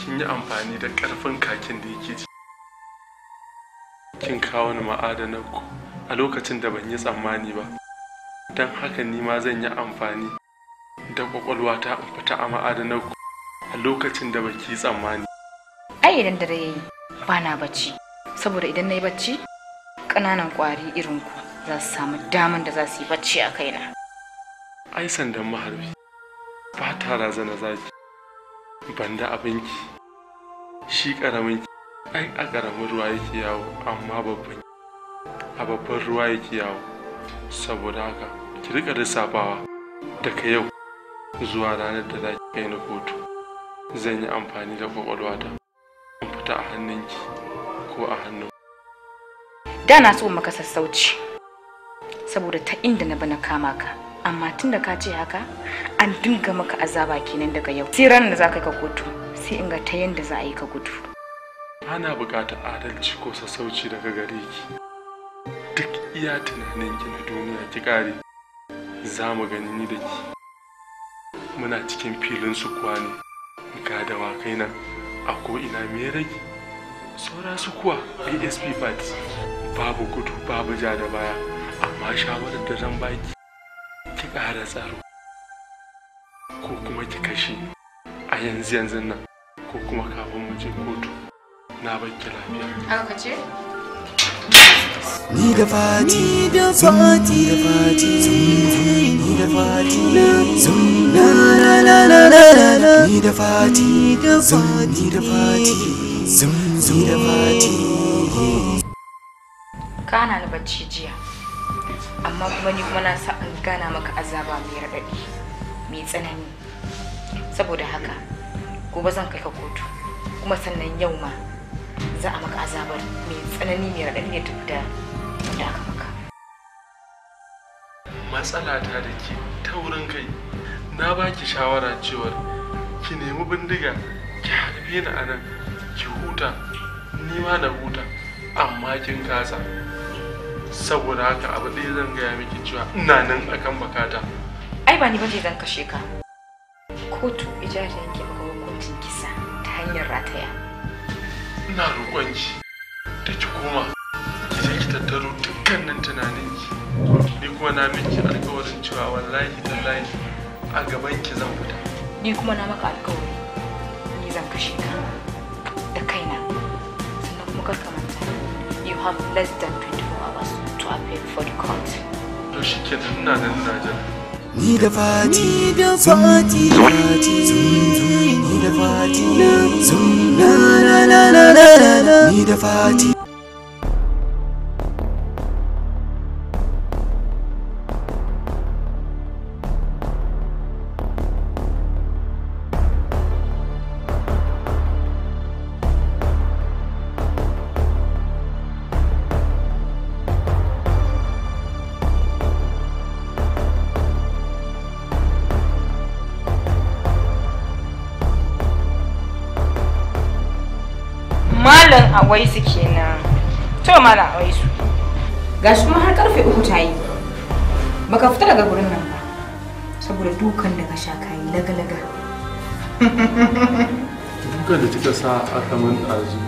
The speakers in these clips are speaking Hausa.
kin yi amfani da karfin kakin da yake kin kawo ni ma'adanar ku a lokacin da ban yi tsammani ba don haka ni ma zan yi amfani da kwakwalwa ta in fita a ma'adanar ku a lokacin da baki tsammani ai idan dare yayi ba na bacci saboda idan na yi bacci ƙananan kwari irin ku za su samu daman da za su yi bacci a kaina ai sandan maharbi ba ta razana zaki Ban da abinci shi ƙaramin ai a karamin ruwa yake yawo amma babban a babban ruwa yake yawo saboda haka ki rika lissafawa daga yau zuwa ranar da za ki kai ni kotu zan yi amfani da kwakwalwata in fita a hannunki ko a hannun da na so maka sassauci saboda ta inda na bana kama ka amma tun da ka ce haka an dinga maka azaba kenan daga yau sai ranar da za ka ka kotu sai in ga ta yanda za a yi ka gudu ana buƙatar adalci ko sassauci daga gare ki duk iya tunanin ki na duniya ki ƙare za mu gani ni da ki muna cikin filin su kuwa ne ga dawakai nan a ko ina me rage saura su kuwa asp party babu gudu babu ja da baya amma shawarar da zan baki ƙara tsaro ko kuma ki kashe a yanzu yanzu nan ko kuma kafin mu je kotu na bakki lafiya haka ce Ni da fati, ni da fati, ni da fati, fati na na na na na ni da fati, ni da fati, ni da fati, zum da fati. Kana da bacci jiya. amma kuma ni kuma na sa an gana maka azaba mai raɗaɗi mai tsanani saboda haka gobe zan kai ka kotu kuma sannan yau ma za a maka azabar mai tsanani mai raɗaɗi ne tafi da wanda aka maka matsala ta da ke wurin kai na baki shawara cewar ki nemi bindiga ki harbe ni a nan ki huta ni ma na huta amma kin kasa saboda haka abu ɗaya zan gaya miki cewa ina nan akan bakata ai ba ni bace zan kashe ka kotu ijaza yake maka hukuncin kisa ta hanyar rataya ina roƙon ki da ki koma ki je ki tattaro dukkanin tunanin ki ni kuma na miki alƙawarin cewa wallahi tallahi a gaban ki zan fita ni kuma na maka alƙawari ni zan kashe ka da kaina sannan kuma kar ka manta you have less than 20 to appear before the court. To da da fati, da fati, da fati, a su kenan to mana a su gashi kuma har karfe uku ta yi baka fita daga gurin nan ba saboda dukan da ka sha kayi laga-laga dukan da kika sa aka man ɗazu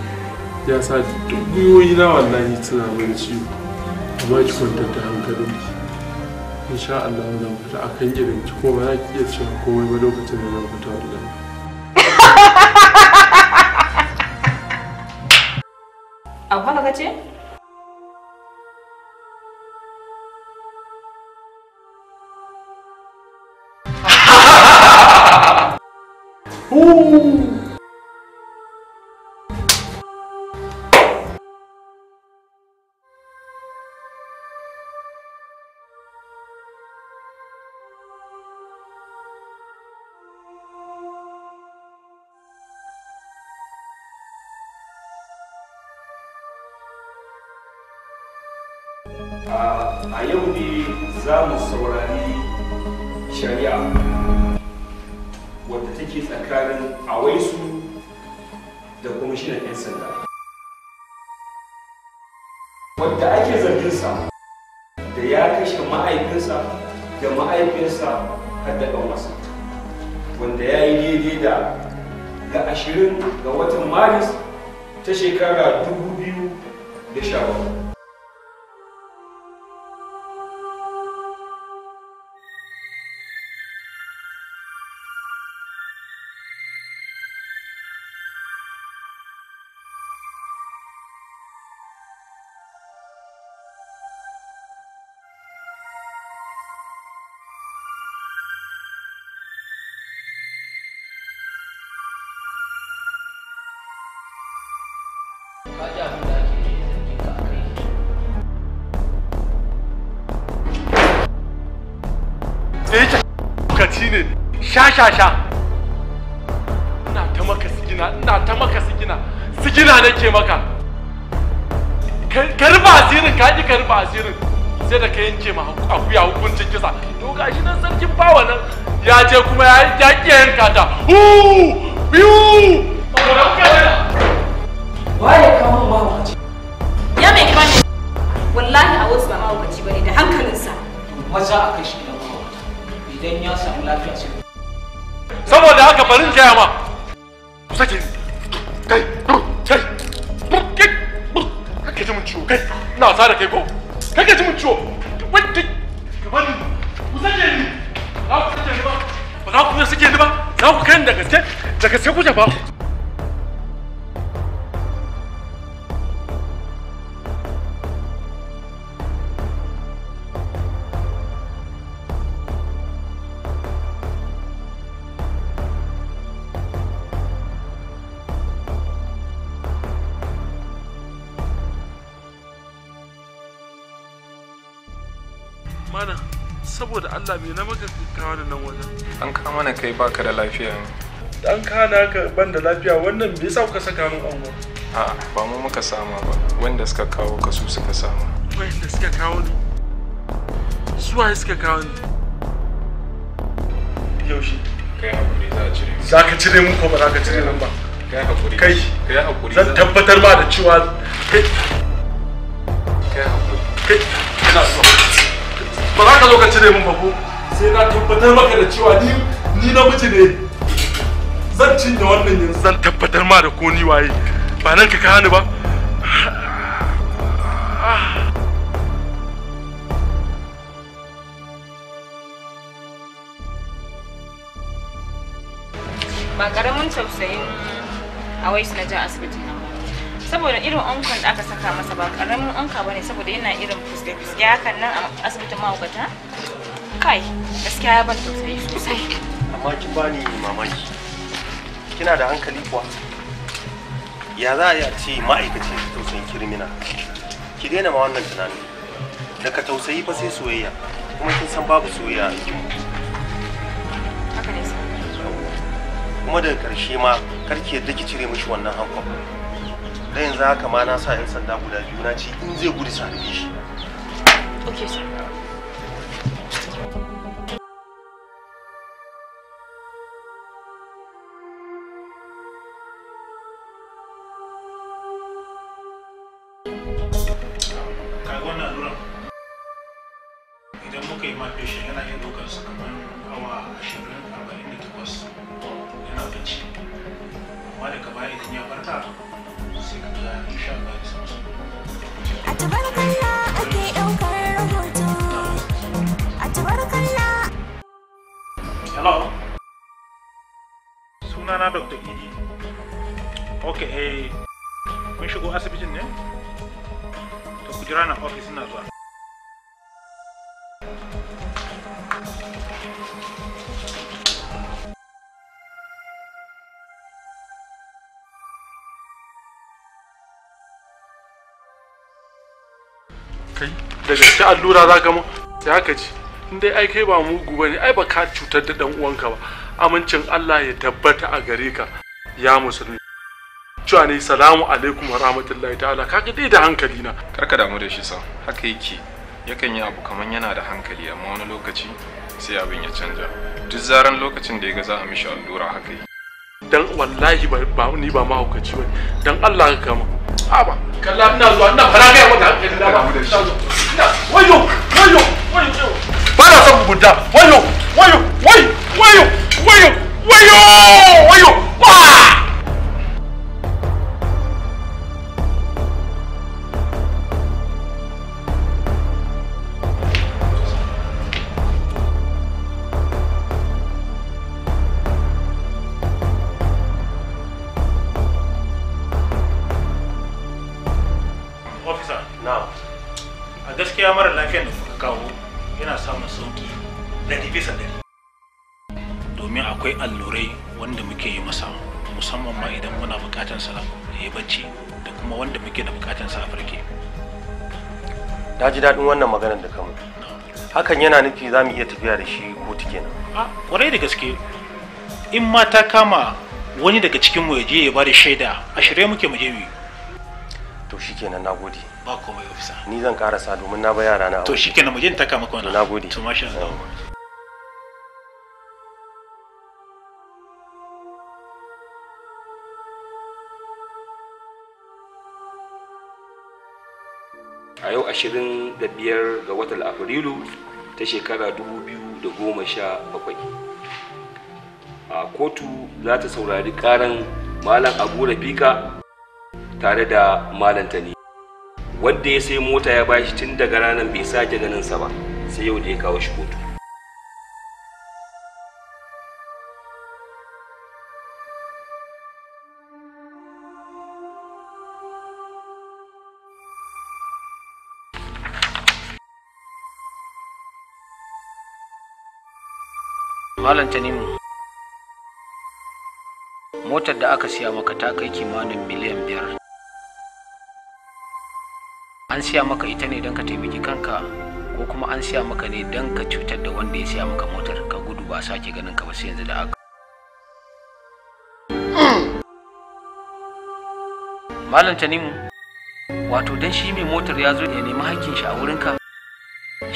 ya sa dubiyoyi na wallahi suna mun ciwo amma ki kwanta da hankalin insha Allah zan fita akan irin ki ko ba za ki iya cewa komai ba lokacin da zan fita wallahi 아 화가 가지? 오 mahaifinsa da ya kashe mahaifinsa da mahaifinsa har da masa wanda ya yi daidai da ga ashirin ga watan maris ta shekara dubu biyu da yake lokaci ne sha sha sha ina ta maka sigina ina ta maka sigina sigina nake maka ka rufe asirin ka ji ka rufe asirin sai da ka yanke ma akuya hukuncin kisa to gashi nan sarkin bawa nan ya je kuma ya ya yanka ta hu biyu maza a kai shi gidan ma'aurata idan ya samu lafiya sai saboda haka bari gaya ma ku sake kai kai kai kake ji mun ciwo kai ina wasa da kai ko kake ji mun ciwo wai ka bani ku sake ni za ku sake ni ba ba za ku sake ni ba za ku kai ni da gaske da gaske ku ba kai baka da lafiya ne an kana ka ban da lafiya wannan me yasa ka saka min ango a ba mu muka sama ba wanda suka kawo ka su suka sama wanda suka kawo ni su waye suka kawo ni yaushe kai hakuri za a cire za ka cire mun ko ba za ka cire nan ba kai hakuri kai kai hakuri zan tabbatar ba da cewa kai kai hakuri kai ina so ba za ka zo ka cire mun ba ko sai na tabbatar maka da cewa ni ni na miji ne zan cinye wannan yanzu zan tabbatar ma da ko ni waye ba nan ka kani ba ba karamin tausayin a waisu na ja asibiti nan ba saboda irin onkon da aka saka masa ba karamin onka bane saboda yana irin fuske-fuske hakan nan a asibitin mahaukata Kai, gaskiya ya ban tausayi sosai. Amma ki bani mamaki. Kina da hankali kuwa? Ya za a ce ma'aikacin tausayin kirmina? Ki daina ma wannan tunanin. Daga tausayi fa sai soyayya, kuma kin san babu soyayya a Haka ne Kuma daga karshe ma karki yadda ki cire mishi wannan hanko. Da yanzu haka ma na sa 'yan sanda guda biyu na ce in zai gudu sa harbe shi. Okay sir. ok eh mun shigo asibitin ne to ku jira na ofis na zuwa kai daga ta allura za ka mu ya haka ji in dai ai kai ba mugu bane ai ba ka cutar da dan uwanka ba amincin Allah ya tabbata a gare ka ya musulmi cewa ne salamu alaikum wa rahmatullahi ta'ala kaga dai da hankali na karka damu da shi sa haka yake yakan yi abu kaman yana da hankali amma wani lokaci sai abin ya canja duk zaran lokacin da ya ga za a mishi allura haka yi dan wallahi ba ni ba mahaukaci ba dan Allah ka kama ba kalla ina zuwa ina fara ga maka hankali da ba ina wayo wayo wayo ba na son buda wayo wayo wayo wayo wayo wayo wayo wa daɗin wannan maganar da kamu hakan yana nufi za mu iya tafiya da shi kotu kenan kwarai da gaske in ma ta kama wani daga cikinmu ya je ya ba da shaida a shirye muke mu je mu to kenan na gode ba komai ofisa ni zan karasa domin na ba yara na to kenan mu je ta kama kwana na gode to masha Allah ashirin biyar ga watan afrilu ta shekara dubu da goma sha bakwai a kotu za ta saurari karan malam abu rafika tare da malam ne. wanda ya sai mota ya bashi tun daga ranar bai sake ganinsa ba sai yau da ya kawo shi kotu Malam Tanimu. Motar da aka siya maka ta kai kimanin miliyan biyar. An siya maka ita ne don ka taimaki kanka ko kuma an siya maka ne don ka cutar da wanda ya siya maka motar ka gudu ba sake ganin ka ba sai yanzu da aka. Malam Tanimu. wato dan shi mai motar ya zo ya nemi hakkin shi a wurinka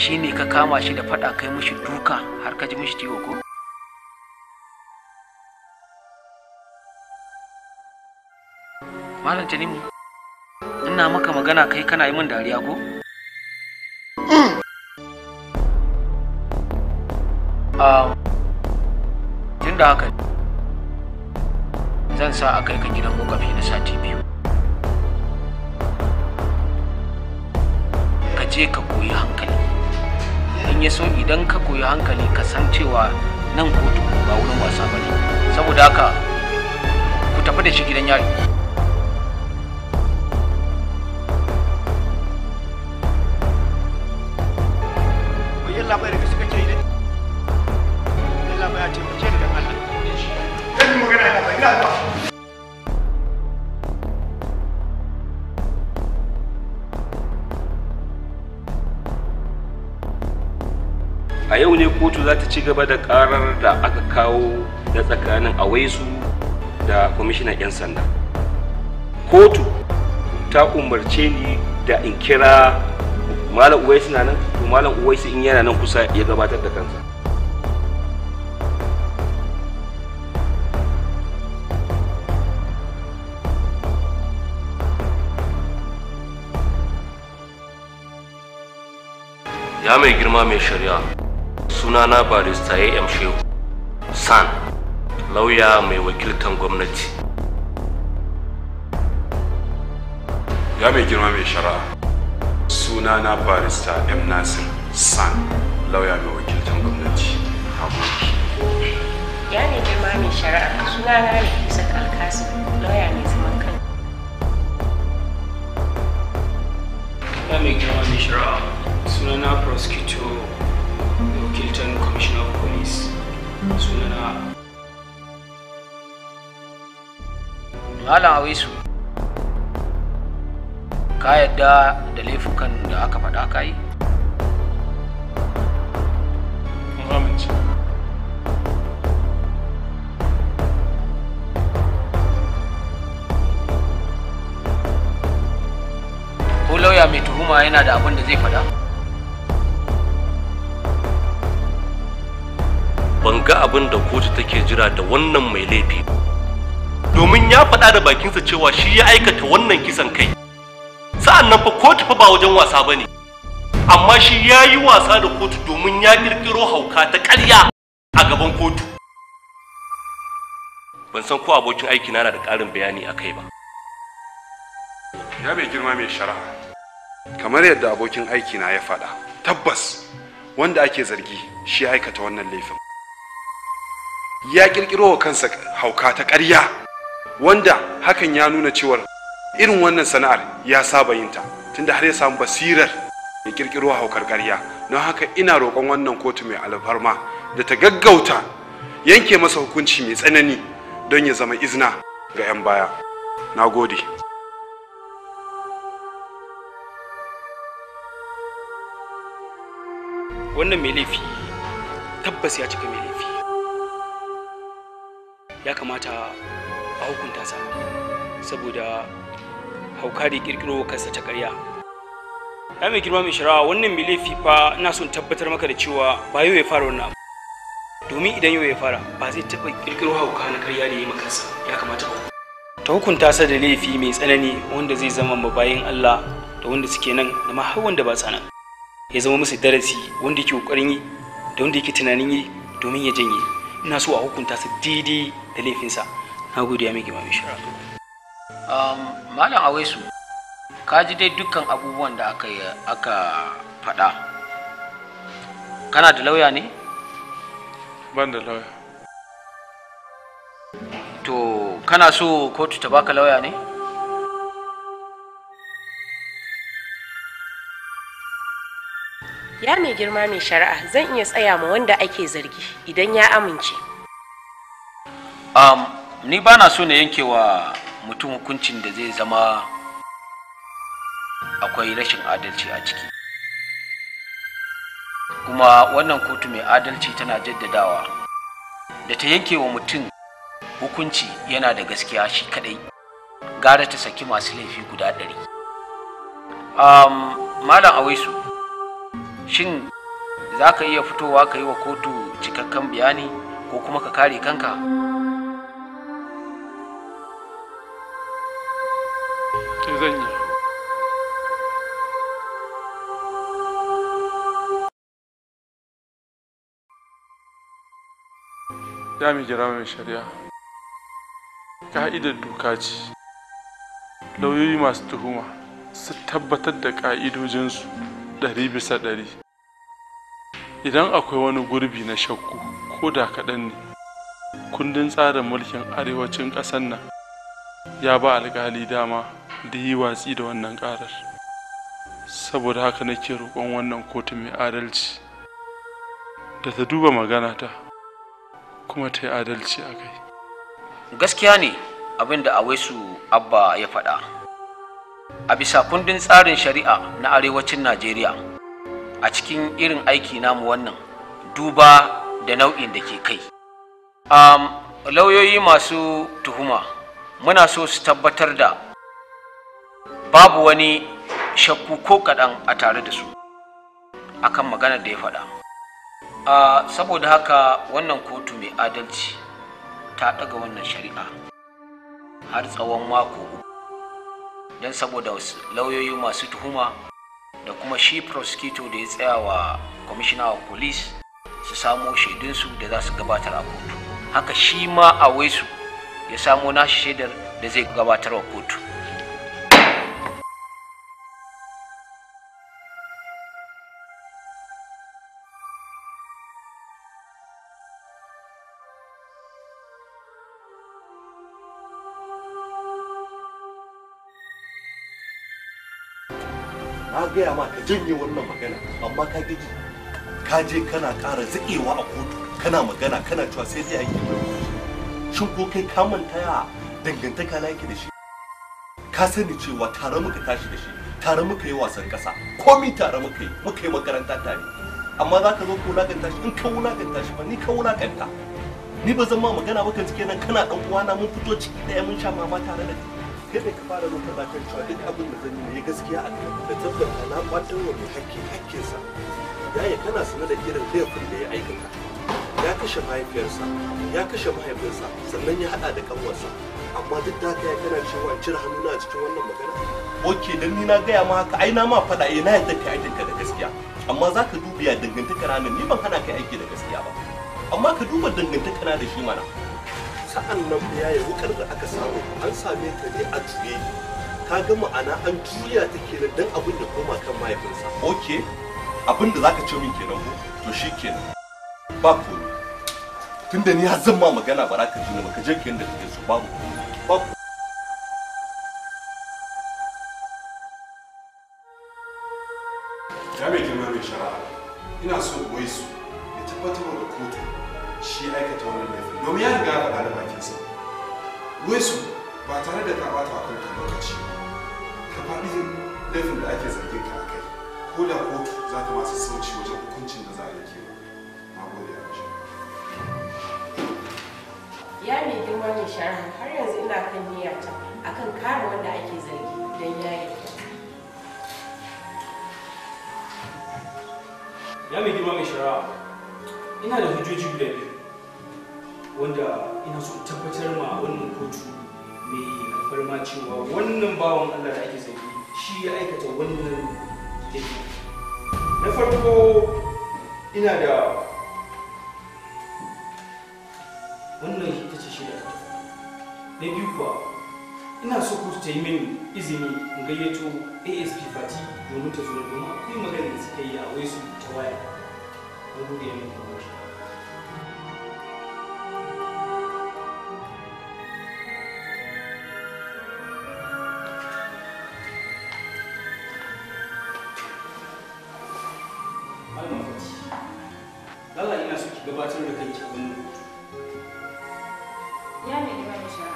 shi ne ka kama shi da faɗa kai mushi duka har ka ji mushi ciwo ko Malam Tanimu, ina maka magana kai kana yi min dariya ko? Ah, Tun da haka zan sa a kai ka gidan kokafi na sati biyu. Ka je ka koyi hankali. In ya so idan ka koyi hankali ka san cewa nan kotu ba wurin wasa ba ne. Saboda haka ku tafi da shi gidan yari. da suka ke ne a Allah kan magana ba a yau ne kotu za ta ci gaba da karar da aka kawo da tsakanin awaisu da kwamishinan 'yan sanda kotu ta umarce ni da in kira malam uwai na nan to malam shi in yana nan kusa ya gabatar da kansa ya mai girma mai shari'a sunana barista ya yamshe san lauya mai wakiltan gwamnati ya mai girma mai shari'a suna na barista m nasir san lauya mai wakiltar gwamnati ya ne girma mai shari'a suna na ne isa alkasi lauya mai zaman kan ya mai girma mai shari'a suna na prosecutor mai wakiltar commissioner of police suna na Malam Awisu, ka yadda da laifukan da aka faɗa ka yi? Ko lauya mai tuhuma yana da abin da zai faɗa? Ban ga abin da kotu take jira da wannan mai laifi. Domin ya faɗa da bakinsa cewa shi ya aikata wannan kisan kai. nan fa kotu fa ba wajen wasa bane amma shi ya yi wasa da kotu domin ya kirkiro hauka ta ƙarya a gaban kotu ban san ko abokin aiki na da ƙarin bayani a kai ba ya mai girma mai shari'a kamar yadda abokin aiki na ya faɗa tabbas wanda ake zargi shi aikata wannan laifin ya kirkiro wa kansa hauka ta ƙarya wanda hakan ya nuna cewar irin wannan sana'ar ya saba yin ta tunda har ya samu basirar ya kirkiro haukar ƙarya don haka ina roƙon wannan kotu mai alfarma da ta gaggauta yanke masa hukunci mai tsanani don ya zama izina ga 'yan baya na gode wannan mai laifi tabbas ya cika mai laifi ya kamata a hukunta sa saboda haukari kirkiro kansa ta karya ya mai girma mai shara wannan mai laifi fa ina son tabbatar maka da cewa ba yau ya fara wannan abu domin idan yau ya fara ba zai taɓa kirkiro hauka na karya da ya yi makansa ya kamata ba ta hukunta sa da laifi mai tsanani wanda zai zama mabayin Allah da wanda suke nan da ma har wanda ba sa nan ya zama musu darasi wanda yake kokarin yi da wanda yake tunanin yi domin ya janye ina so a hukunta su daidai da laifinsa na gode ya mai girma mai shara Um, malam awaisu ka ji dai dukkan abubuwan da aka aka faɗa kana da lauya ne ban da lauya to kana so kotu ta baka lauya ne ya mai girma mai shari'a zan iya tsaya ma wanda ake zargi idan ya amince um, ni ba na so na yankewa mutum hukuncin da zai zama akwai rashin adalci a ciki kuma wannan kotu mai adalci tana jaddadawa da ta yanke wa mutum hukunci yana da gaskiya shi kadai gara ta saki masu laifi guda ɗari um, malam awaisu shin za ka iya fitowa ka yi wa kotu cikakken bayani ko kuma ka kare kanka zan ya mai gira mai shari'a ka'idar doka ce lauyoyi masu tuhuma su tabbatar da ƙa'idojinsu ɗari bisa ɗari idan akwai wani gurbi na shakku ko da kaɗan ne kundin tsarin mulkin arewacin ƙasar nan ya ba alkali dama da yi watsi da wannan ƙarar saboda haka nake roƙon wannan kotu mai adalci da ta duba maganata kuma ta yi adalci a kai gaskiya ne abinda da awaisu abba ya faɗa a bisa kundin tsarin shari'a na arewacin najeriya a cikin irin aiki namu wannan duba da nau'in da ke kai lauyoyi masu tuhuma muna so su tabbatar da babu wani shakku ko kaɗan a tare da su akan maganar da ya faɗa saboda haka wannan kotu mai adalci ta ɗaga wannan shari'a har tsawon mako don saboda lauyoyi masu tuhuma da kuma shi prosecutor da ya tsaya wa commissioner of police su samo shaidunsu da za su gabatar a kotu haka shi ma a waisu ya samo nashi shaidar da zai gabatar wa kotu gaya ma ka janye wannan magana amma ka gaji ka je kana ƙara zaƙewa a kotu kana magana kana cewa sai dai ake mai shin ko kai ka manta ya dangantaka na yake da shi ka sani cewa tare muka tashi da shi tare muka yi wasan ƙasa komi tare muka yi muka yi makaranta tare amma za ka zo ka wulaƙanta shi in ka wulaƙanta shi ba ni ka wulaƙanta ni ba zan ma magana ba kan nan kana ɗan uwana mun fito ciki ɗaya mun sha mama tare da kai kai ka fara rufe lafiyar cewa duk abin da zan yi ne gaskiya a kan da tabbata na kwatar wa mai hakki hakkinsa yaya kana sanar da irin laifin da ya aikata ya kashe mahaifiyarsa ya kashe mahaifiyarsa sannan ya hada da kanwarsa amma duk da haka ya kana cewa cire hannuna a cikin wannan magana ok don ni na gaya ma haka ai na ma faɗa eh na yadda kai aikinka da gaskiya amma za ka dubiya dangantaka na nan, ni ban hana kai aiki da gaskiya ba amma ka duba dangantaka na da shi mana sa'an nan ya yi wukar da aka samu an same ta ne a juye ka ga ma'ana an juya ta kenan don abin ya koma kan mahaifinsa ok abin da zaka ce min kenan ko to shi kenan ba tun tunda ni har zan ma magana ba za ka ji ba ka je kenan da kake so babu ba. ya mai girma mai shara'a ina so wai su ya tabbatar da kotu shi aikata wannan laifin domin ya riga ya bakin sa wai su ba tare da ka ɓata a kanka lokaci ka faɗi laifin da ake zargin ka a kai ko da kotu za ta masu sauci wajen hukuncin da za a ba ma gode a rashin ya mai girma mai shari'a har yanzu ina kan ta akan kare wanda ake zargi don yayi ya mai girma mai shara'a ina da hujjoji guda biyu wanda ina so tabbatar ma wannan kotu mai alfarma cewa wannan bawan Allah da ake zargi shi ya aikata wannan laifi na farko ina da wannan ita ce shida na biyu kuwa ina so kotu ta yi min izini in gayyato asp fati domin ta zo kuma akwai magana da suka yi a waisu ta waya na gode kuma shi. Allah ina so ki gabatar da kanki a wannan Ya ne da wani shara.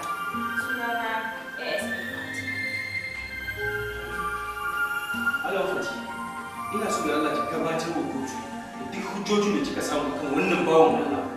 Sunana ASP Fati. Allah Fati, ina so da Allah ki gabatar wa kotu da duk hujjojin da kika samu kan wannan bawan Allah.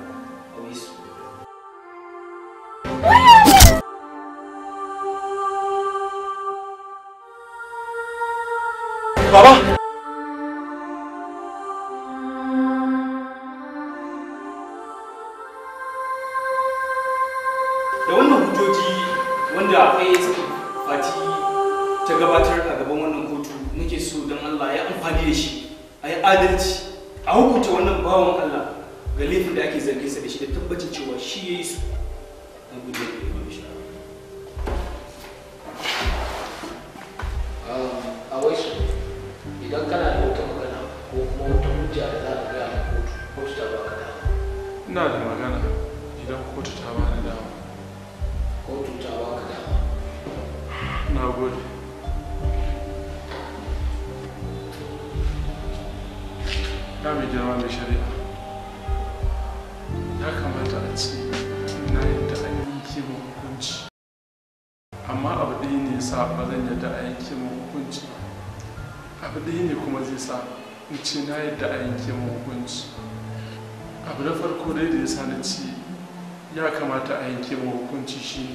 ya kamata a yanke wa hukunci shi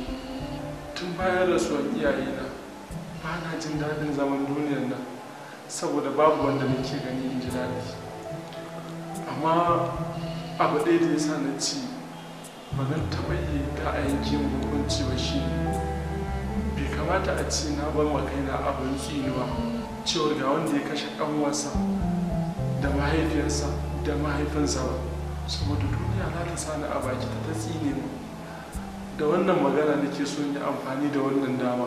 tun bayan rasuwar iyayena ba na jin daɗin zaman duniyar nan saboda babu wanda nake gani in ji daɗi amma abu ɗaya da ya sa na ci ba zan taɓa yi ta a yanke wa hukunci ba shi bai kamata a ci na bar wa kaina abin tsini ba cewar ga wanda ya kashe ɗan da mahaifiyarsa da mahaifinsa ba saboda duniya za ta sani a baki ta ta tsine mu da wannan magana nake so yi amfani da wannan dama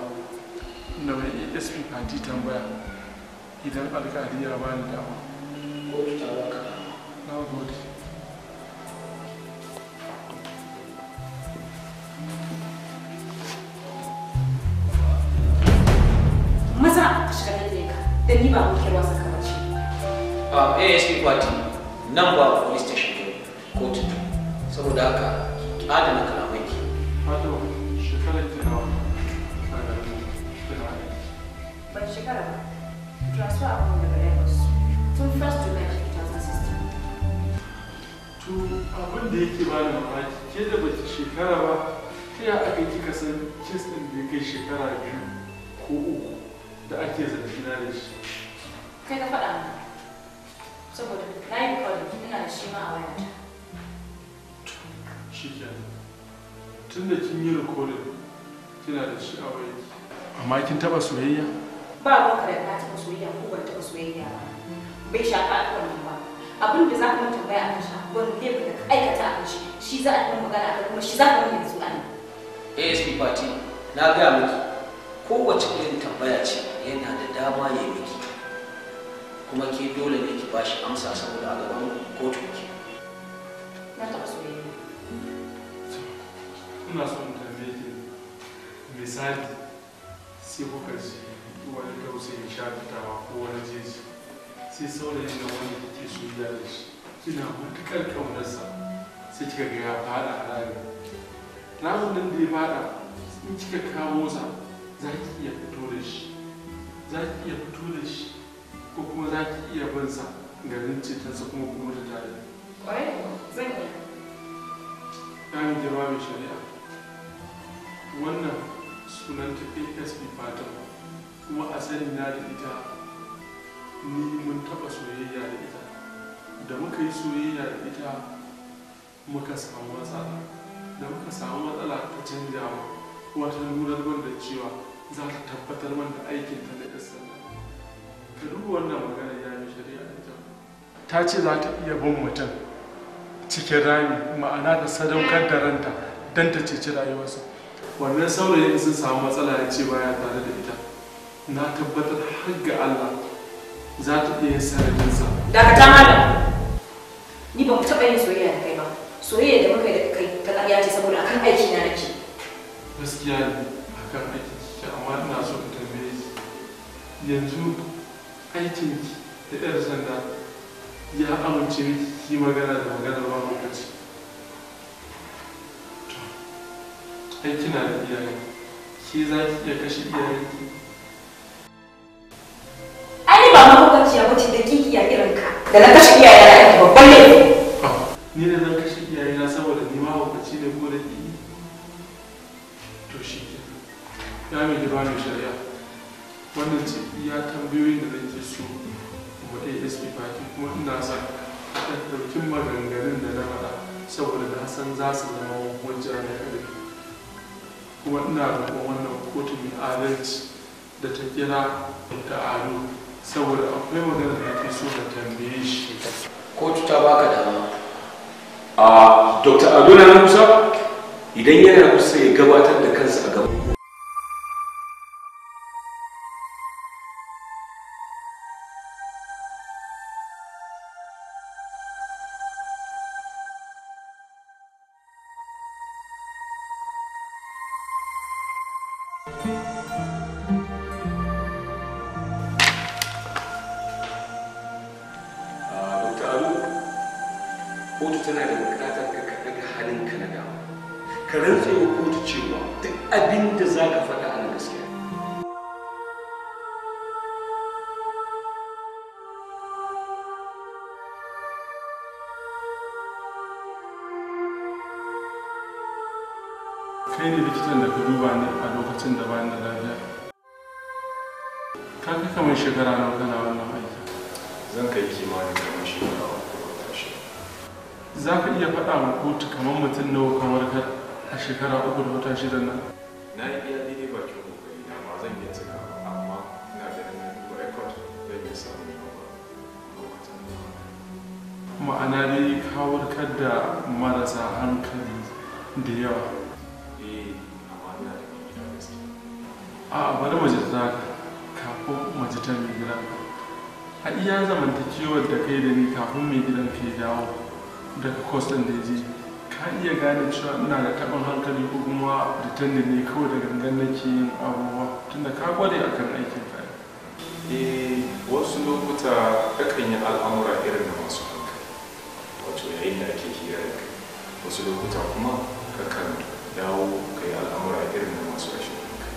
da mai asp party tambaya idan alkali ya ba ni dama na gode maza ka shiga nan da ni ba mu kirwa saka bace a asp party nan ba police station saboda haka adana kalamai ki wato shekarar ta nawa ban shekara ba transfer abin daga lagos tun first july 2016 to abin da yake ba da mamaki ke da baki shekara ba ta ya aka kika san kes din da kai shekara biyu ko uku da ake zargina da shi kai ka faɗa saboda na yi rikodin ina da shi ma a wayata shi tun kin yi rikodin kina da shi a wayanki amma kin taba soyayya ba ba ka da ka taba soyayya ko ban taba soyayya ba bai shafa alƙawarin ba abin da za ka mutum baya akan shi ba laifin da ka aikata akan shi shi za a yi magana akan kuma shi za ka yi yanzu ana asp party na gaya miki kowace irin tambaya ce yana da dama ya miki kuma ke dole ne ki bashi amsa saboda a gaban kotu ki na taɓa soyayya ina son tambaye ki misali sai kuka ji wani tausayin shakatawa ko wani jeji sai saurayin da wanda kike soyayya da shi kina matuƙar ƙaunarsa sai kika ga ya faɗa a rayuwa namun nan da ya faɗa in kika kawo sa za ki iya fito da shi za ki iya fito da shi ko kuma za ki iya bin sa garin cetonsa kuma kuma da tare. Ƙwarai shari'a. wannan sunanta asb fatima kuma a sani na da ita ni mun taba soyayya da ita da muka yi soyayya da ita muka samu matsala da muka samu matsala ta canja mu kuma ta nuna da cewa za ta tabbatar man da aikin ta na ƙasa ka duba wannan magana ya yi shari'a ita ta ce za ta iya bin mutum cikin rami ma'ana da sadaukar da ranta don ta ceci rayuwarsa wannan saurayin sun samu matsala ya ce baya tare da ita na tabbatar har ga Allah za ta iya sarrafin sa daga ta malam ni ba ku taɓa yin soyayya da kai ba soyayya da muka yi da kai ta ƙarya ce saboda akan aiki na nake gaskiya ne akan aiki ki amma ina so ka tambaye yanzu aikin ki da ɗan sanda ya amince ki magana da magana ba lokaci sai kina da iyaye shi za ki iya kashe iyaye? iyayenki ai ba mahaukaciya wacce da kiki ya irin ka da na kashe iyaye na aiki babban ne ah, ni da zan kashe iyaye na saboda ni mahaukaci ne ko da ki to shi ke ya mai gida mai shari'a wannan ce iya tambayoyin da ke so mu ASP party kuma ina sa ɗaukin maganganun da na faɗa saboda na san za su zama hujja na ƙarfi kuma ina roƙon wannan kotun mai adalci da ta kira da aro saboda akwai magana da ke so da tambaye shi kotu ta baka dama a dr ado na kusa idan yana kusa ya gabatar da kansa a gaba. zamanta ciwon da kai da ni kafin mai gidan ke dawo daga kwas ɗin da je ka iya gane cewa ina da taɓin hankali ko kuma da tanda ne kawai da gangan nake yin abubuwa tunda ka gwada a kan aikin ka eh wasu lokuta kakan yi al'amura irin da masu hankali wato yayin da ake hira da kai wasu lokuta kuma kakan dawo ka yi al'amura irin da masu rashin hankali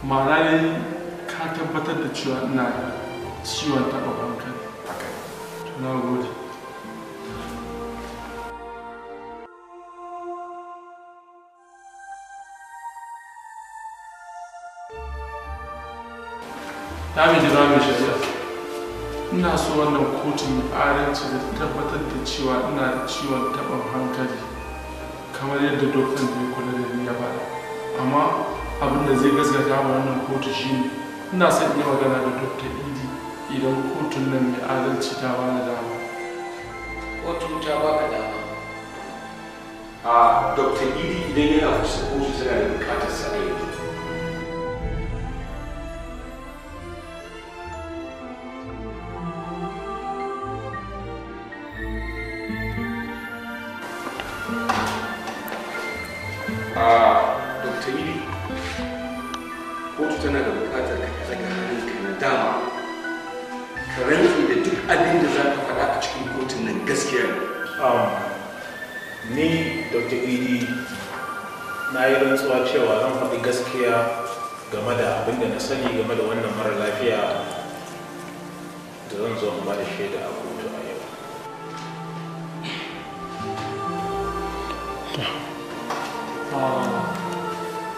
ma'ana ne ka tabbatar da cewa ina da ciwon taɓa hankali na gode ya mai jira mai shari'a ina so wannan kotun adalci da tabbatar da cewa ina ciwon taɓin hankali kamar yadda dokan da ya kula da ni ya faɗa amma abin da zai gaskata wa wannan kotu shine ina son iya magana da dokta idi idan kotun nan mai adalci ta ba bani dama Kotun ta ba baka dama a dr idi idan yana fusa kotu tana da bukatar sa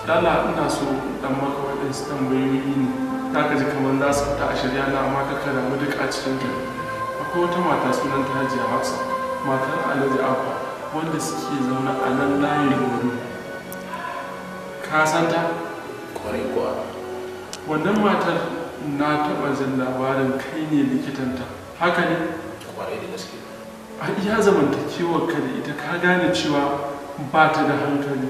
Dala ah, ina so dan maka waɗansu tambayoyi ne za ka ji kamar za su fita a shirya na amma ka kada mu duk a cikin ka. Akwai wata mata sunan ta Hajiya Hafsa matar Alhaji Afa, wanda suke zaune a nan layin Loro. Ka san ta? Kwarai kuwa. Wannan matar na taɓa jin labarin kai ne likitanta. Haka ne? Kwarai da gaske. A iya zamantakewar ka da ita ka gane cewa ba ta da hankali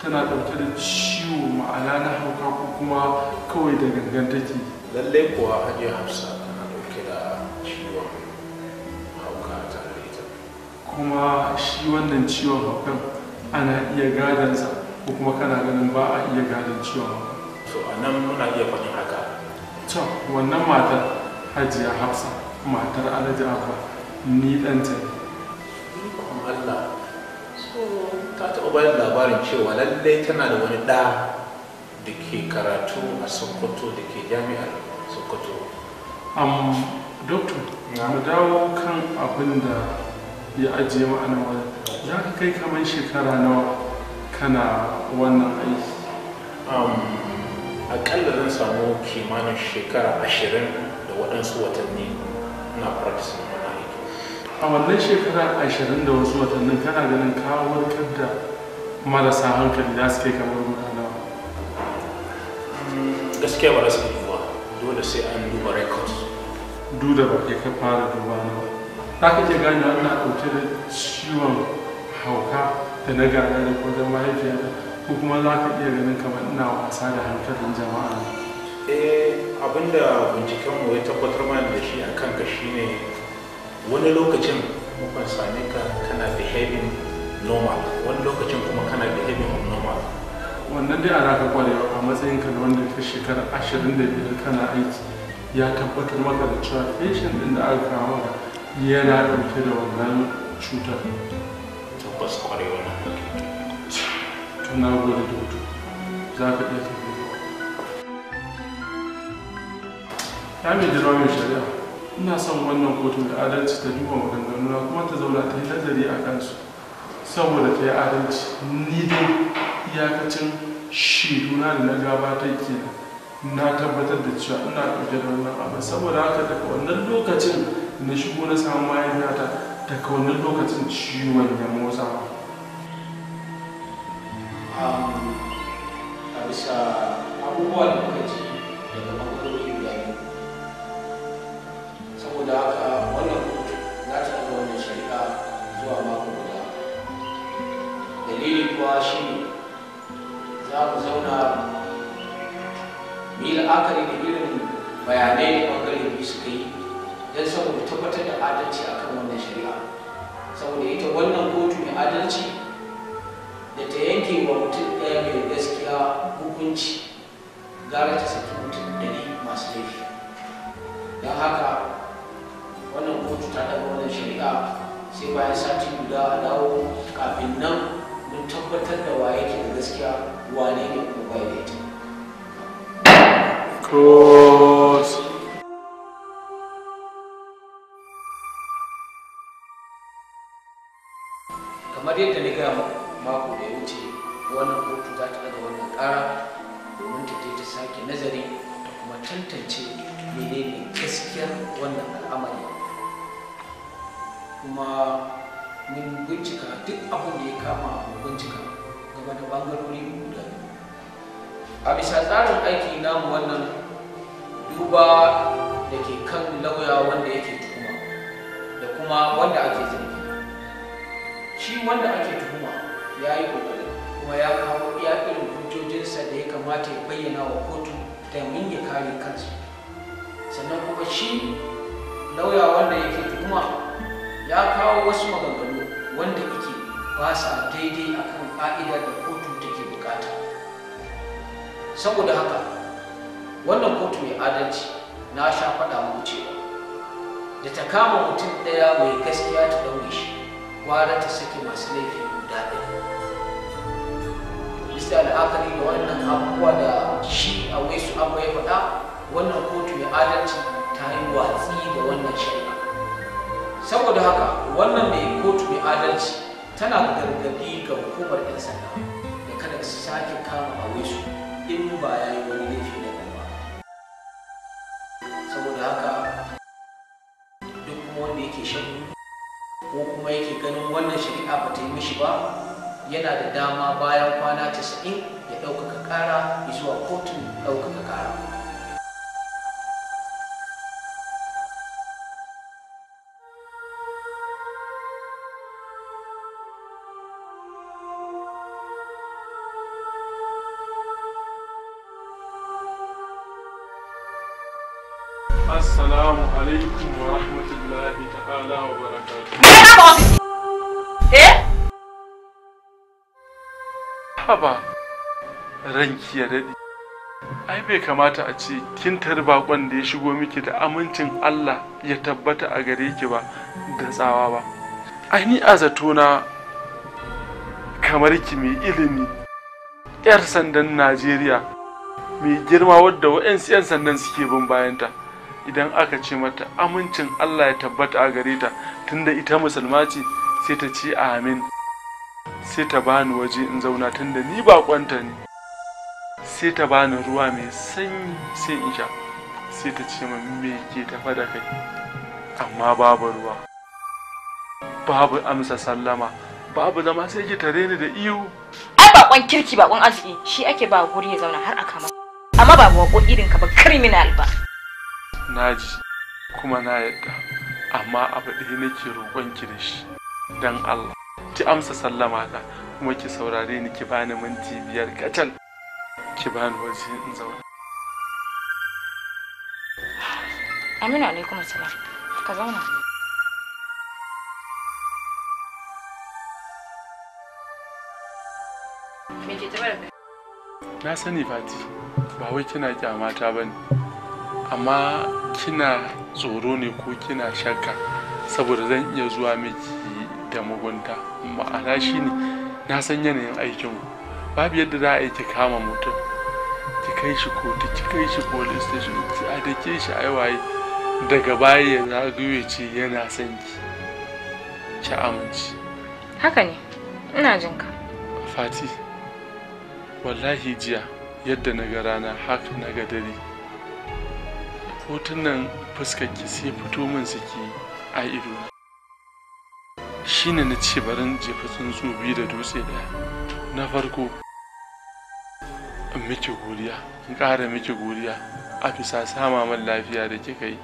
tana ɗauke da ciwo ma'ala na hauka ko kuma kawai da gangan take kuwa hajji hafsa tana ɗauke da ciwon hauka tare da ita kuma shi wannan ciwon haukan ana iya gadansa ko kuma kana ganin ba a iya gadon ciwon haukan to a nan muna iya faɗin haka to wannan matar hajiya hafsa matar alhaji abba ni ɗanta ne Allah ta taɓa bayan labarin cewa lallai tana da wani ɗa da ke karatu a sokoto da ke jami'ar sokoto um, doctor mu dawo kan abin da ya ajiye ma'ana wani, za ka kai kamar shekara nawa kana wannan aiki Aƙalla zan samu kimanin shekara ashirin da waɗansu watanni na practicing a wannan shekara ashirin da wasu watannin kana ganin kawo warkar da marasa hankali da suke kamar kamar guda mm, gaskiya ba za su duba dole sai an duba records duda ba ke ka fara duba na ba za ka iya gane ana ɗauke da ciwon hauka da na gane da wajen mahaifiya ko kuma za ka iya ganin kamar ina wasa da hankalin jama'a eh abinda bincikenmu ya tabbatar mana da shi akan ka shine wani lokacin mukan same ka kana behaving normal wani lokacin kuma kana behaving abnormal wannan dai ana raka kwarewa a matsayin ka wanda ta shekara 25 kana aiki ya tabbatar maka da cewa patient din da aka kawo yana dauke da wannan cutar tabbas kwarewa na tuna gode da hutu za ka iya tafiya ya mai jiragen shari'a ina son wannan kotun da adalci ta duba maganganuna kuma ta zauna ta yi nazari a kansu saboda ta yi adalci ni dai iyakacin shiduna da na gabata ke na tabbatar da cewa ina ɗauke da wannan abin saboda haka daga wannan lokacin na shigo na samu nata daga wannan lokacin ciwon ya motsa a bisa abubuwa da kuka saboda haka wannan kotu za ta ɗaga wannan shari'a zuwa mako guda dalili kuwa shi za mu zauna mu yi la'akari da irin bayanai da ɓangare biyu suka yi don saboda tabbatar da adalci akan wannan shari'a saboda ita wannan kotu mai adalci da ta yanke wa mutum ɗaya mai gaskiya hukunci gara ta saki mutum ɗari masu laifi don haka wannan kotu ta daga wannan shari'a sai bayan sati guda a dawo kafin nan mun tabbatar da waye ke da gaskiya wane ne kuma bai da ita. abin da ya kama mu cika gaba da bangarori guda a bisa tsarin aiki namu wannan duba da ke kan lauya wanda yake tuhuma da kuma wanda ake zargi shi wanda ake tuhuma ya yi kokari kuma ya kawo ya irin hujjojinsa da ya kamata ya bayyana wa kotu yamin ya kare kansa sannan kuma shi lauya wanda yake tuhuma ya kawo wasu maganganu wanda ke. ba sa daidai akan ka'idar da kotu take bukata saboda haka wannan kotu mai adalci na sha faɗa muku cewa da ta kama mutum ɗaya mai gaskiya ta ɗaure shi gwara ta sake masu laifi guda ɗaya bisa la'akari da wannan abubuwa da shi a waisu abu ya faɗa wannan kotu mai adalci ta yi watsi da wannan shari'a saboda haka wannan mai kotu mai adalci tana gargadi ga hukumar 'yan sanda da kada su sake kama a wisu in ba ya yi wani laifi na ba saboda haka duk kuma wanda yake shan ko kuma yake ganin wannan shari'a ba ta yi mishi ba yana da dama bayan kwana 90 ya ɗaukaka ƙara zuwa kotun ɗaukaka ƙara assalamu alaikum wa rahmatullahi ta'ala wa me eh haba ranki ya daɗi. ai bai kamata a ce kin bakon da ya shigo miki da amincin Allah ya tabbata a gare ki ba da tsawa ba ai ni a na kamar ki mai ilimi yar sandan Najeriya mai girma wadda wa'yansu 'yan sandan suke bin bayanta idan aka ce mata amincin Allah ya tabbata a gare ta tunda ita musulma ce sai ta ce amin sai ta bani waje in zauna tunda ni kwanta ne sai ta bani ruwa mai sanyi sai in sha sai ta ce min me ke tafa da kai amma babu ruwa babu amsa sallama babu zama sai ki tare ni da iyo ai bakon kirki bakon arziki shi ake ba guri ya zauna har a kama amma ba wako irin ka ba criminal ba na ji kuma na yadda amma abu ɗaya nake roƙon ki da shi don Allah ki amsa sallama ta kuma ki saurare ni ki bani minti biyar kacal ki bani waje in zauna Aminu alaikum salam ka zauna Na sani Fati ba wai kina kyamata bane amma kina tsoro ne ko kina shakka saboda zan iya zuwa miki da mugunta ma'ana shi ne na san yanayin aikin babu yadda za a yi kama mutum ki kai shi kotu ki kai shi police station ki a shi aiwaye daga baya ya zagaye ce yana son ki ki amince haka ne ina jin ka fati wallahi jiya yadda na ga rana haka na ga dare hotunan fuskarki sai fito min suke a ido shine na ce barin jefa tsuntsu biyu da dutse daya na farko miki guriya in ƙara miki guriya. a fisa, sama man lafiya da kika yi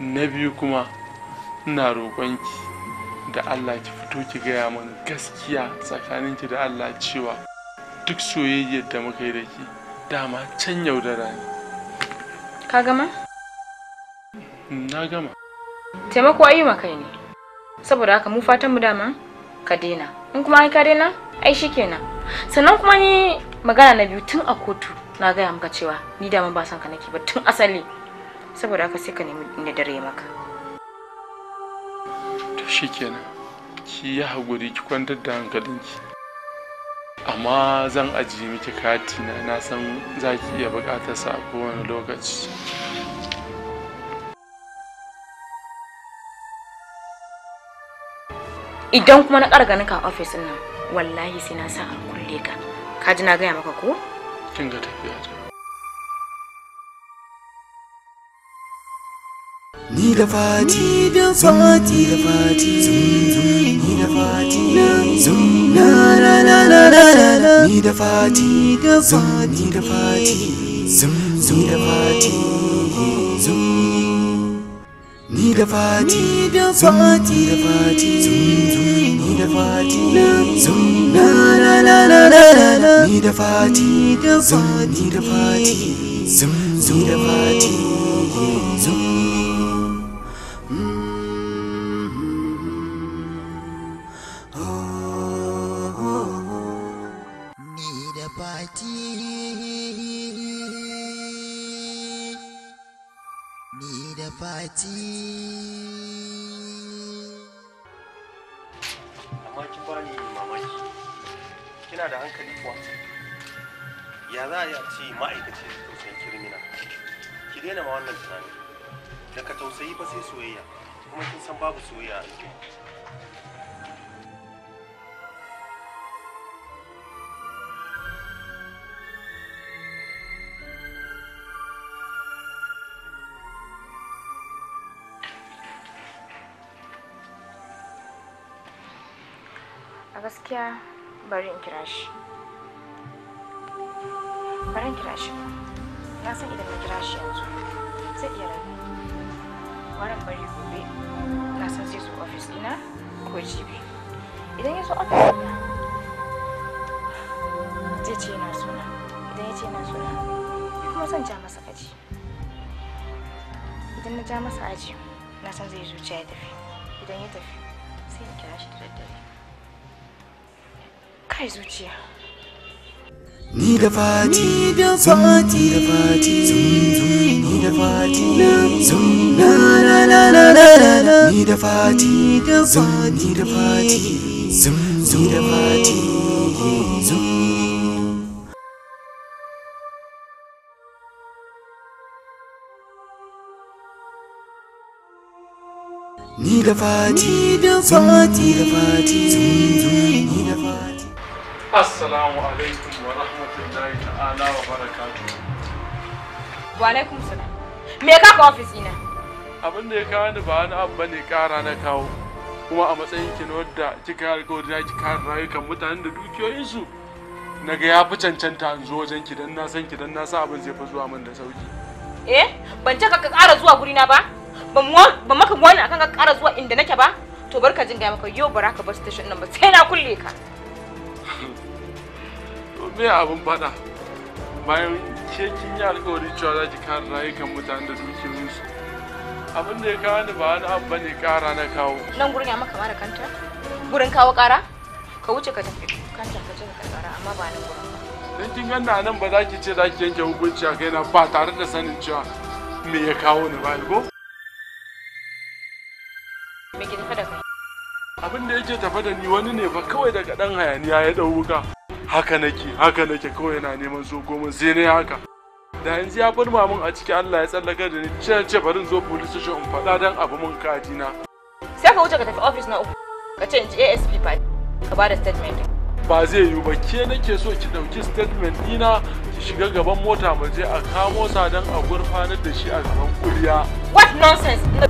na biyu kuma ina roƙonki da allah ki fito ki gaya min gaskiya tsakaninki da allah cewa duk soyayyar da muka yi da ki dama can yaudara ne Ka gama? Hmm, na gama. Taimako ayi kai ne. Saboda haka mu fatan mu dama ka daina. In kuma ai ka daina, ai shikenan. Sannan kuma ni magana na biyu tun a kotu na gaya maka cewa ni dama ba san ka nake ba tun asali. Saboda haka sai ka nemi inda dare maka. To shikenan. Ki yi haƙuri ki kwantar da hankalinki. amma zan ajiye miki kati na na san za ki iya buƙatar sa a kowane lokaci idan kuma na ƙara ganin ka a ofisin nan wallahi sai na sa a kulle ka ka ji na gaya maka ko kin ga tafiya ta ni da fati da fati da fati ni da fati ni da fati zum ni da fati zum ni da fati zum ni da fati zum ni da fati zum ni da fati zum ni da fati zum ni da fati zum ni da fati hankali kuwa ya za a ce ma'aikaci da tausayin kirmina ki daina ma wannan tunani ka tausayi ba sai soyayya kuma kin san babu soyayya a cikin a gaskiya bari in kira shi bari kira shi na san idan na kira shi yanzu zai iya rabi waran bari gobe na san zai zo ofis ina ko jibi idan ya zo ofis dina zai ce yana suna idan ya ce yana suna kuma zan ja masa aji idan na ja masa aji na san zai zuciya ya tafi idan ya tafi sai in kira shi da daddare kai zuciya ni da fati ni da fati ni da fati na na na na na ni da fati da fati da fati zum ni da fati zum ni da fati da fati da fati zum ni da assalamu alaikum wa rahmatullahi ta'ala wa barakatuh wa alaikum salam me ka ka office ina abin da ya kawo ni ba wani abu bane kara na kawo kuma a matsayin ki na wadda kika alƙawari za ki kare rayukan mutanen da dukiyoyinsu na ga ya fi cancanta in zo wajen ki dan na san ki dan na san abin zai fi zuwa min da sauki eh ban ce ka kara zuwa gurina ba ban maka gwani akan ka kara zuwa inda nake ba to barka jin ga maka yau bara ka bar station nan ba sai na kulle ka me abin faɗa bayan ke ya yi cewa za ki kare rayukan mutane da dukiyoyinsu abin da ya kawo ni ba wani abu bane kara na kawo nan gurin ya maka mara kanta gurin kawo kara ka wuce ka tafi kanta ka je ka kara amma ba nan gurin ba dan kin ganna nan ba za ki ce za ki yanke hukunci a kaina ba tare da sanin cewa me ya kawo ni ba ko me ke tafe da kai abin da yake tafa da ni wani ne ba kawai daga dan hayaniya ya dau wuka haka nake haka nake kawai yana neman zo goma sai ne haka da yanzu ya bar mamun a ciki Allah ya tsallaka da ni cewa ce bari zo police station in faɗa dan abu mun kaji na sai ka wuce ka tafi office na uku ka ce in ji ASP fa ka bada statement ba zai yiwu ba ke nake so ki dauki statement dina ki shiga gaban mota mu je a kamo sa dan a gurfanar da shi a gaban kuriya what nonsense ka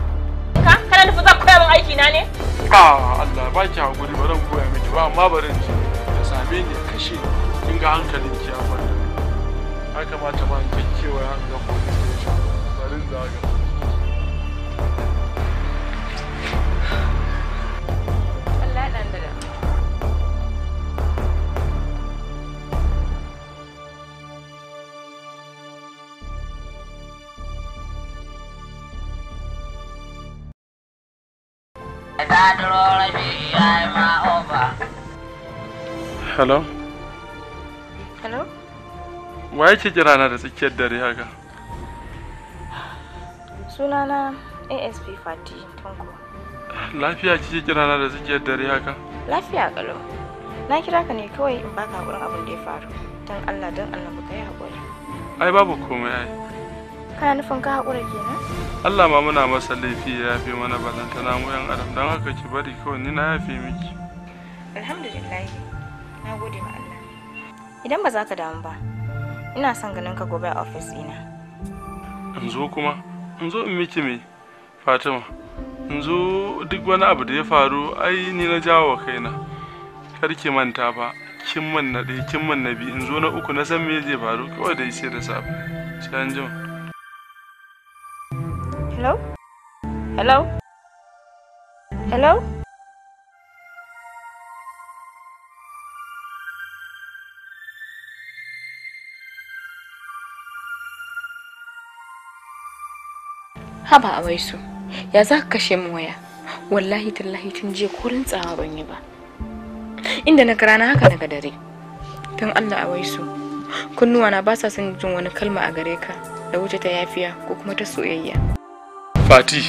kana nufin zan koya min aiki na ne ah Allah ba ki hakuri ba zan koya miki ba amma bari in ji harbe ni kashe kin ga hankalin ki ya kwanta ya kamata ma in kai kewaya ga police station barin zaga Allah dan dada ya Hello? Hello? Wa yake kira na da tsakiyar dare haka? Sunana ASP Fati Tanko. Lafiya kike kira na da tsakiyar dare haka? Lafiya kalau. Na kira ka ne kawai in baka hakurin abin da ya faru. Dan Allah dan Allah baka yi hakuri. Ai babu komai ai. Kana nufin ka kenan? Allah ma muna masa laifi ya yafe mana balantana mu yan adam don haka ki bari kawai ni na yafe miki. Alhamdulillah. na gode ma Allah idan ba za ka damu ba ina son ganin ka gobe a ofis ina in zo kuma in zo in miki me fatima in zo duk wani abu da ya faru ai ni na jawo kaina kar ki manta ba kin man na dai kin man na biyu in zo na uku na san me zai faru kawai da ishe da safe sai an jima hello hello hello haba a su ya za ka kashe mu waya wallahi tallahi tun jiya ko rantsawa ban yi ba inda na rana haka daga dare tun allah a waisu kunnuwa na ba sa son jin wani kalma a gare ka da wuce ta yafiya ko kuma ta soyayya fati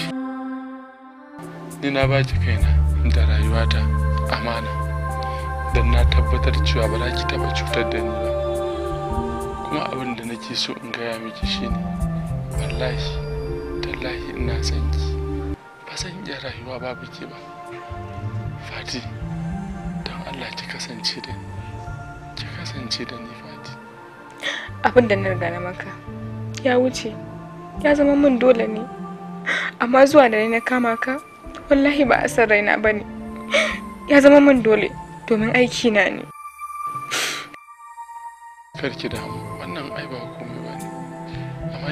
ni na baki kaina da rayuwata amana don na tabbatar cewa ba za ki taba cutar da ni ba kuma abin da nake so in gaya miki shine wallahi wallahi ina san ki ba san iya rayuwa babu biki ba fati don allah ki kasance da ni ki kasance da ni fati abin da na riga na maka ya wuce ya zama min dole ne amma zuwa da ni na kama ka wallahi ba a san raina ba ne ya zama min dole domin aiki na ne karki damu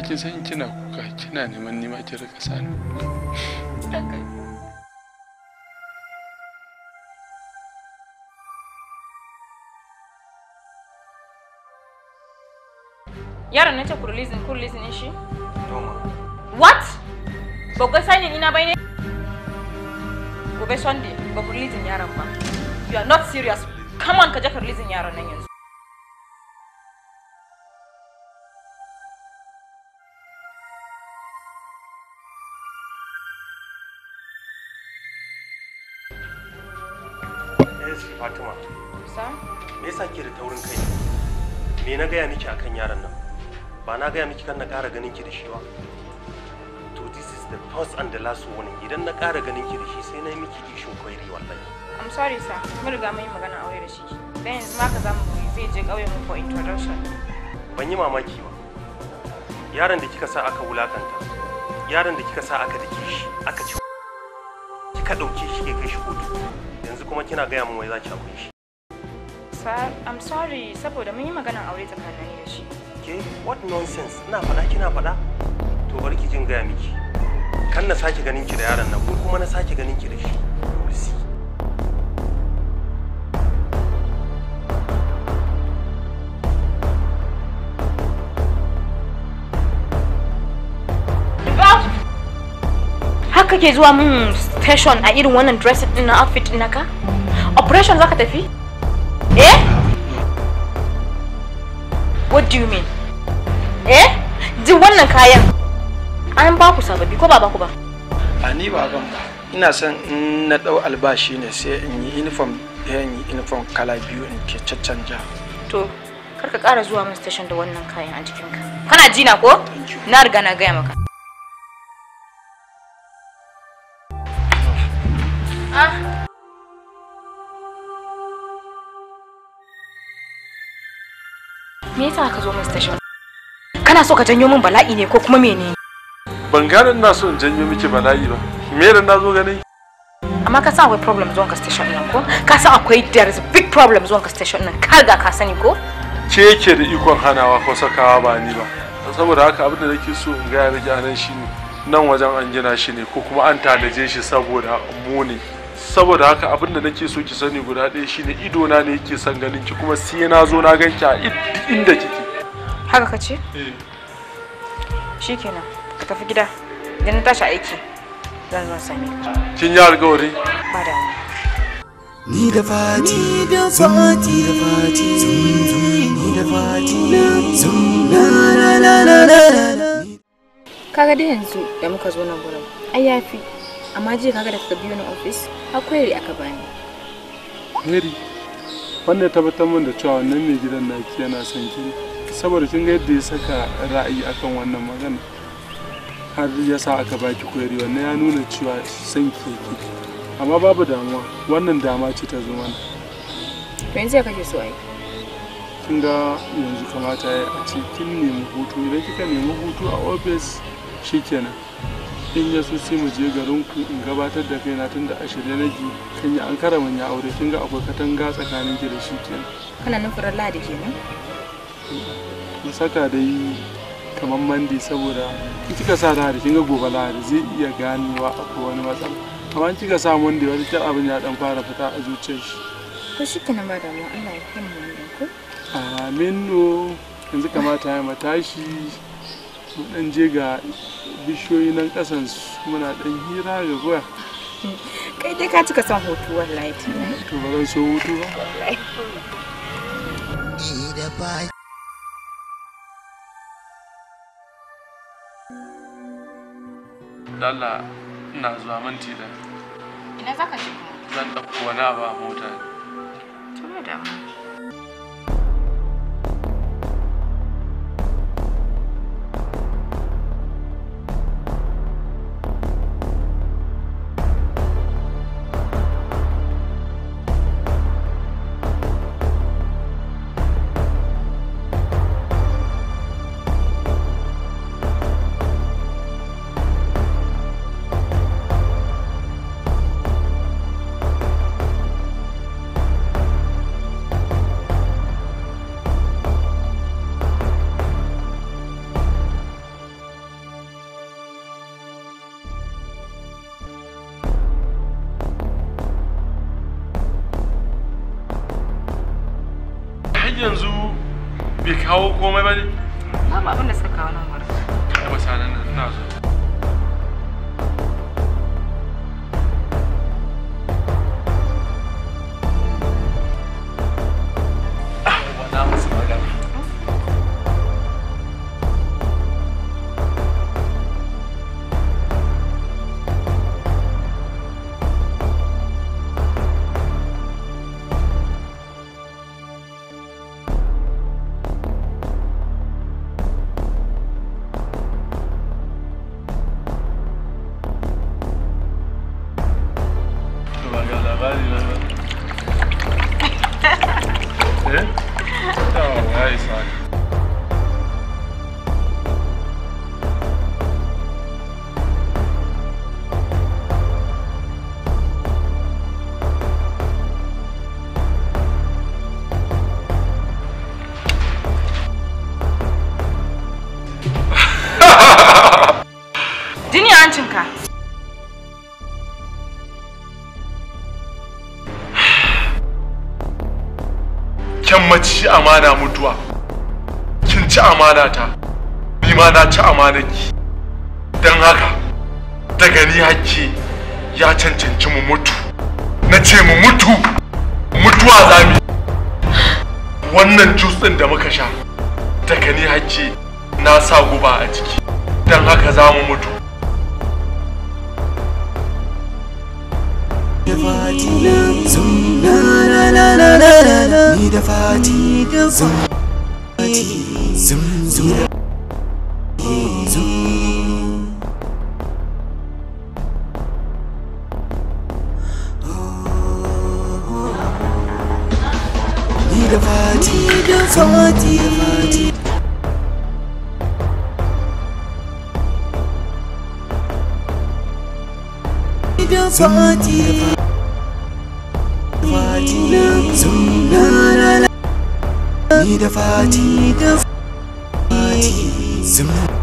kin san kina kuka kina neman nima ki rika sani yara na ta kurlizin kurlizin shi what babban sani ni na bai ne gobe sunday ba kurlizin yaran ba you are not serious come on ka je kurlizin yaran nan yanzu yasa ke da taurin kai me na gaya miki akan yaron nan ba na gaya miki kan na ƙara ganin ki da shi ba to this is the first and the last warning idan na ƙara ganin ki da shi sai na yi miki ishin kwairi wallahi I'm sorry sir mun riga mun yi magana aure da shi dan yanzu ma ka za mu zai je ƙauyen mu for introduction ban yi mamaki ba yaron da kika sa aka wulakanta yaron da kika sa aka dake shi aka ci kika ɗauke shi ke kai shi kotu yanzu kuma kina gaya min wai za ki akwai shi I'm sorry saboda mun yi magana aure tsakanin da shi. Ke what nonsense ina faɗa kina faɗa? To bari ki jin gaya miki. Kan na sake ganin ki da yaron nan ko kuma na sake ganin ki da shi. Lucy. Haka ke zuwa mun station a irin wannan dressing din na outfit din naka? Operation zaka tafi? Eh? What do you mean? Eh? Di wannan kayan. An ba ku sababi ko ba ba ku ba? A ni ba ban ba. Ina son in na dau albashi ne sai in yi uniform ɗaya eh, in yi uniform kala biyu in ke caccanja. To, kar ka ƙara zuwa min station da wannan kayan a jikinka. Kana jina ko? Na riga na gaya maka. me yasa ka zo min station kana so ka janyo min bala'i ne ko kuma mene ban gane ina so in janyo miki bala'i ba me da na zo ganin amma ka san akwai problem zuwa ka station nan ko ka san akwai there is big problem zuwa ka station nan ka ga ka sani ko ce ke da ikon hanawa ko sakawa ba ni ba saboda haka abin da nake so in gaya rage anan shine nan wajen an gina shi ne ko kuma an tanaje shi saboda mu ne saboda haka abin da nake so ki sani guda ɗaya shine ido na ne yake son ganin ki kuma sai na zo na ganki a inda kike haka ka ce shikenan ka tafi gida idan na tashi aiki zan zo sani kin yi alƙawari ba da ni da fati ni da fati da fati ni da fati na na na na la kaga da yanzu da muka zo nan gurin ai yafi amma jiya kaga da ka biyo ni ofis har query aka bani query wannan tabbatar min da cewa wannan mai gidan naki yana son ki saboda kin ga yadda ya saka ra'ayi akan wannan magana har ya sa aka baki query wannan ya nuna cewa son ki ki amma babu damuwa wannan dama ce ta zo mana to yanzu ya kake so ai kin ga yanzu kamata ya a ce kin nemi hutu idan kika nemi hutu a ofis shikenan in ya so sai mu je garin ku in gabatar da kaina tun da na nake kan yi an kara ya aure kin ga akwai katanga tsakanin ki da shi nan. kana nufin Allah da nan. mu saka dai kamar mandi saboda in kika sa da kin ga gobe lahadi zai iya ganewa akwai wani matsala amma in kika sa mandi wani ta abin ya dan fara fita a zuciyar shi ko shi kenan ba da Allah ya kuma ko amin no yanzu kamata ya matashi mun dan je ga bishiyoyi nan kasan muna dan hira ga kai dai ka cika son hutu wallahi to ba zan so hutu ba Dalla ina da. Ina za ka ਹੁਕਮ ਹੈ ਭਾਜੀ hancinka. Kyan maci amana mutuwa, kin ci amana ta, bi ma na ci amanaki. Don haka, daga ni hakki ya cancanci mu mutu. Na ce mu mutu, mutuwa za mu Wannan jus ɗin da muka sha, daga ni hakki na sa guba a ciki. Don haka za mu mutu. دفاتي سم لا لا لا لا لا ني دفاتي سم سم سم دفاتي دفاتي دفاتي da fati da fati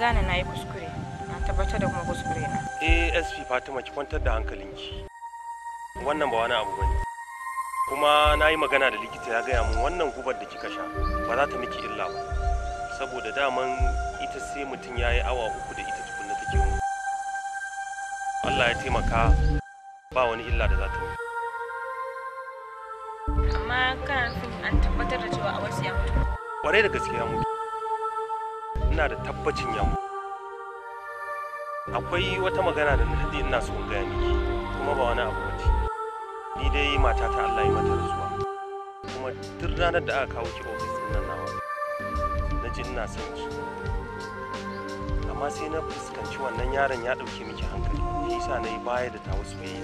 gane na yi kuskure na tabbatar da kuma kuskure na asp fatima ki kwantar da hankalinki wannan ba wani abu bane kuma na yi magana da likita ya gaya mun wannan gubar da kika sha ba za ta miki illa ba saboda daman ita sai mutum ya yi awa uku da ita tukunna take mu Allah ya taimaka ba wani illa da za ta yi amma kana nufin an tabbatar da cewa a wasu ya mutu kwarai da gaskiya mutu ina da tabbacin yamu akwai wata magana da na ina so in gaya miki kuma ba wani abu bace ni dai mata ta Allah yi mata rasuwa kuma duk ranar da aka kawo ki ofis din nan nawa na ji ina son ki amma sai na fuskanci wannan yaron ya dauke miki hankali shi yasa na yi baya da ta wasu yi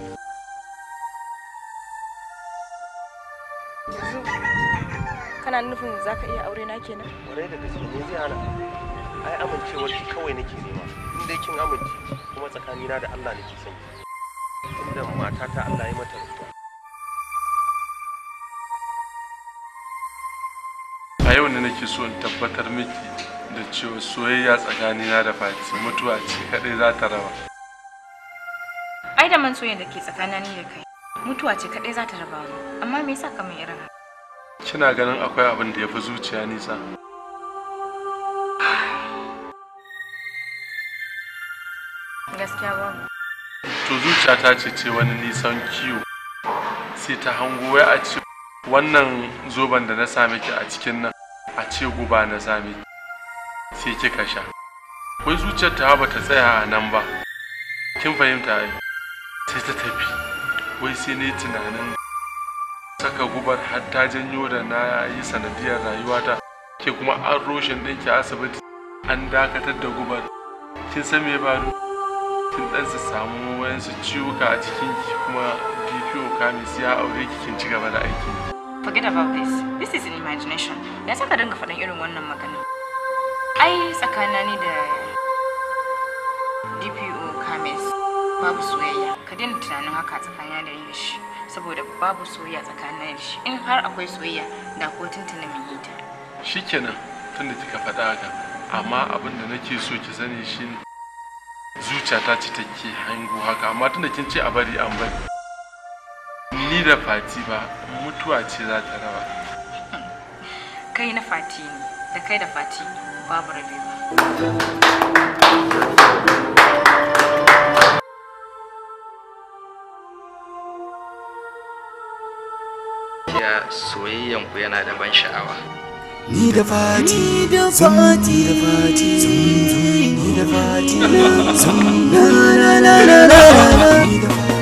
kana nufin zaka iya aure na kenan kwarai da gaske ne zai hana ai amincewar ki kawai nake nema in dai kin amince kuma tsakanina da Allah nake son ki mata ta Allah ya mata rufuwa. a yau ne nake so in tabbatar miki da cewa soyayya tsakanina da Fati mutuwa ce kadai za ta raba ai da man soyayya da ke tsakanina da kai mutuwa ce kadai za ta raba mu amma me yasa kamar irin kina ganin akwai abin da ya fi zuciya nisa gaskiya ba to ta ce ce wani nisan kiwo sai ta hango wai a ce wannan zoban da na same ki a cikin nan a ce guba na same ki sai kika sha wai zuciyar ta ba ta tsaya a nan ba kin fahimta ai sai ta tafi wai sai ne tunanin saka gubar har ta janyo da na yi sanadiyar rayuwata ke kuma an roshin ɗinki asibiti an dakatar da gubar kin san me faru? kin dan su samu wayansu ciwuka a cikin ki kuma DPO Kamis ya aure ki kin ci gaba da aiki. Forget about this. This is an imagination. Ya saka dinga faɗan irin wannan magana. Ai tsakana ni da DPO Kamis babu soyayya. Ka daina tunanin haka tsakanina da yin shi saboda babu soyayya tsakanin da shi. In har akwai soyayya da ko tuntuna mai ita. Shikenan tunda kika faɗa haka amma abin da nake so ki sani shi ta ce take hango haka amma tunda kin ce a bari an bari ni da fati ba mutuwa ce za ta raba kai na fati ne da kai da fati babu rabe ba soyayyanku yana da ban sha'awa 你的发髻，你的发髻，你的发髻，你的发髻，啦啦啦啦啦啦。